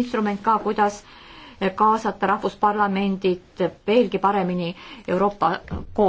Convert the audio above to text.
instrument ka, kuidas kaasata rahvusparlamendid veelgi paremini Euroopa koostöösse.